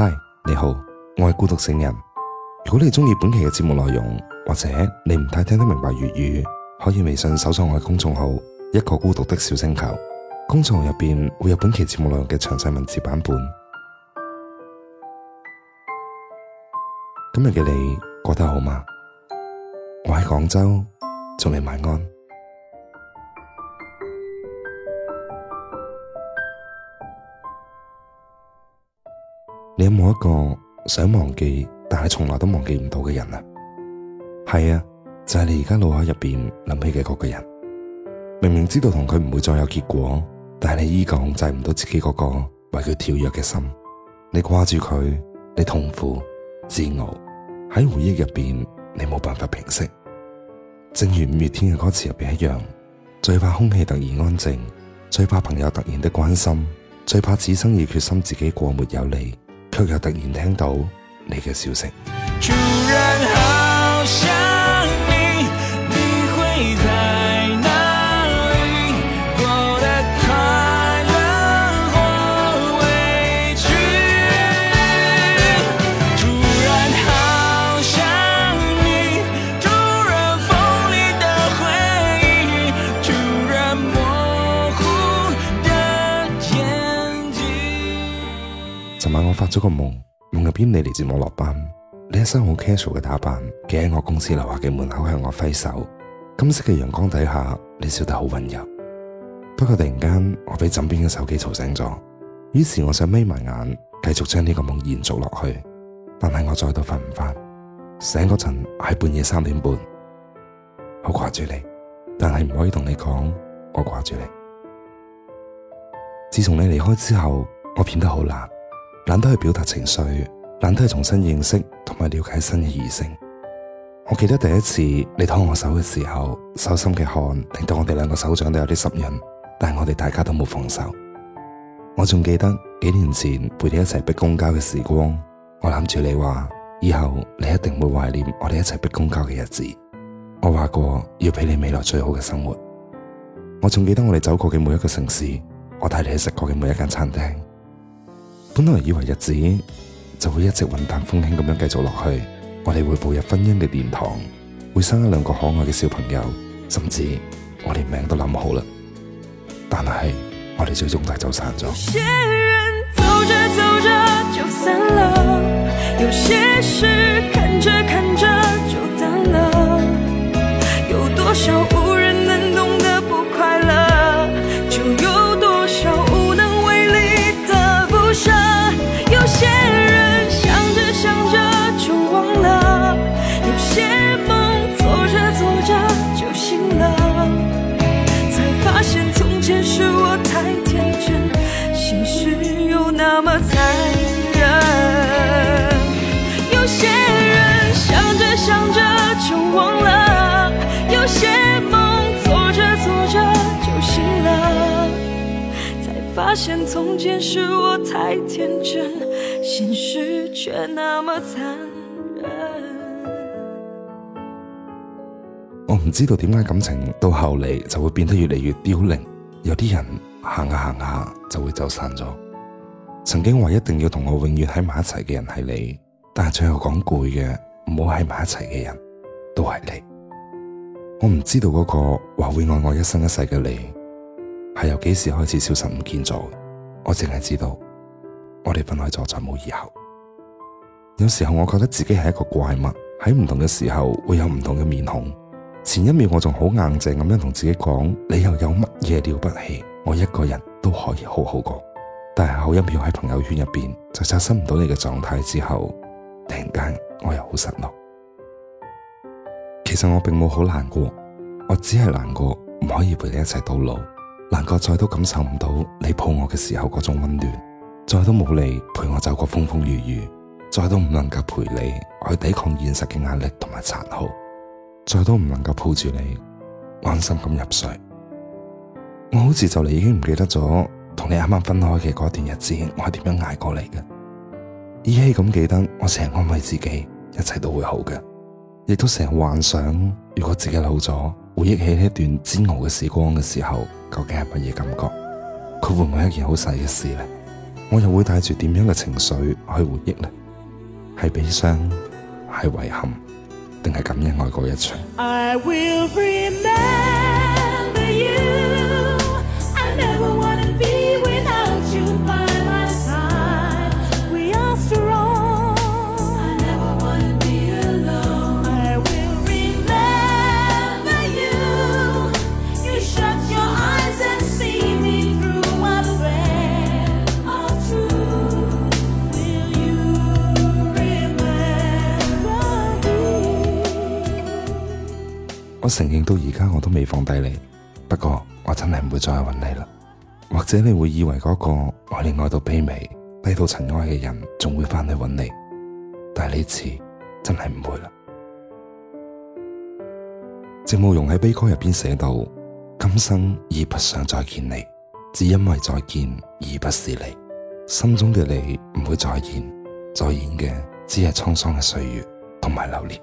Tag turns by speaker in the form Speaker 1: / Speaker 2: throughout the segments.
Speaker 1: 嗨，Hi, 你好，我係孤獨星人。如果你中意本期嘅節目內容，或者你唔太聽得明白粵語，可以微信搜索我嘅公眾號一個孤獨的小星球，公眾號入邊會有本期節目內容嘅詳細文字版本。今日嘅你過得好嗎？我喺廣州，祝你晚安。一個想忘記，但係從來都忘記唔到嘅人啊，係啊，就係你而家腦海入邊諗起嘅嗰個人。明明知道同佢唔會再有結果，但係你依舊控制唔到自己嗰個為佢跳躍嘅心。你掛住佢，你痛苦、煎熬，喺回憶入邊，你冇辦法平息。正如五月天嘅歌詞入邊一樣，最怕空氣突然安靜，最怕朋友突然的關心，最怕此生已決心自己過沒有你，卻又突然聽到你嘅消息。做咗個夢，夢入邊你嚟接我落班，你一身好 casual 嘅打扮，企喺我公司樓下嘅門口向我揮手。金色嘅陽光底下，你笑得好温柔。不過突然間我俾枕邊嘅手機吵醒咗，於是我想眯埋眼繼續將呢個夢延續落去，但係我再度瞓唔翻，醒嗰陣係半夜三點半，好掛住你，但係唔可以同你講我掛住你。自從你離開之後，我變得好難。懶得去表達情緒，懶得去重新認識同埋了解新嘅異性。我記得第一次你拖我手嘅時候，手心嘅汗令到我哋兩個手掌都有啲濕潤，但係我哋大家都冇放手。我仲記得幾年前陪你一齊逼公交嘅時光，我攬住你話以後你一定會懷念我哋一齊逼公交嘅日子。我話過要俾你未來最好嘅生活。我仲記得我哋走過嘅每一個城市，我帶你去食過嘅每一間餐廳。本來以為日子就會一直雲淡風輕咁樣繼續落去，我哋會步入婚姻嘅殿堂，會生一兩個可愛嘅小朋友，甚至我連名都諗好啦。但係我哋最終都係走散咗。有些
Speaker 2: 人走著走著就散咗。發現從前是我太天真，現實卻那麼殘
Speaker 1: 忍。我唔 知道點解感情到後嚟就會變得越嚟越凋零，有啲人行下行下就會走散咗。曾經話一定要同我永遠喺埋一齊嘅人係你，但係最後講攰嘅唔好喺埋一齊嘅人都係你。我唔知道嗰個話會愛我一生一世嘅你，係由幾時開始消失唔見咗？我淨係知道我哋分開咗就冇以後。有時候我覺得自己係一個怪物，喺唔同嘅時候會有唔同嘅面孔。前一秒我仲好硬淨咁樣同自己講：你又有乜嘢了不起？我一個人都可以好好過。但係後一秒喺朋友圈入面就刷新唔到你嘅狀態之後，突然間我又好失落。其實我並冇好難過，我只係難過唔可以陪你一齊到老。難過再都感受唔到你抱我嘅時候嗰種溫暖，再都冇你陪我走過風風雨雨，再都唔能夠陪你去抵抗現實嘅壓力同埋殘酷，再都唔能夠抱住你安心咁入睡。我好似就嚟，已經唔記得咗同你啱啱分開嘅嗰段日子，我係點樣挨過嚟嘅？依稀咁記得，我成日安慰自己一切都會好嘅，亦都成日幻想如果自己老咗，回憶起一段煎熬嘅時光嘅時候，究竟係乜嘢感覺？佢會唔會係一件好細嘅事呢？我又會帶住點樣嘅情緒去回憶呢？係悲傷，係遺憾，定係感恩愛過一
Speaker 2: 場？
Speaker 1: 承認到而家我都未放低你，不過我真係唔會再揾你啦。或者你會以為嗰個愛你愛到卑微、低到塵埃嘅人，仲會翻去揾你，但係呢次真係唔會啦。席慕蓉喺悲歌入邊寫到：今生已不想再見你，只因為再見而不是你。心中嘅你唔會再見，再現嘅只係滄桑嘅歲月同埋流年。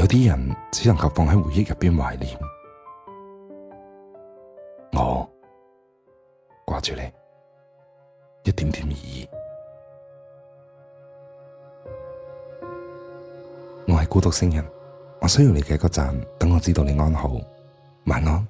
Speaker 1: 有啲人只能夠放喺回憶入邊懷念，我掛住你一點點而已。我係孤獨星人，我需要你寄個站，等我知道你安好。晚安。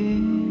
Speaker 2: 雨。